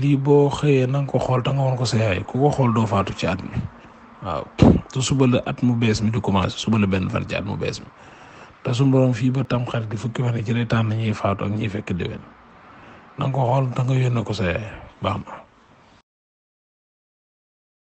lii boo xëyee na nga ko xool te nga woon ko sa yaay ku ko xool doo faatu ci at mi waaw te suba la at mu bees mi di commencé suba la benn fan ci at mu bees mi te su borom fii ba tam xarit di fukki fan i lay tànn ñuy faatu ak ñuy fekk déwén na ko xool te nga yónnee ko sa yaay baax na.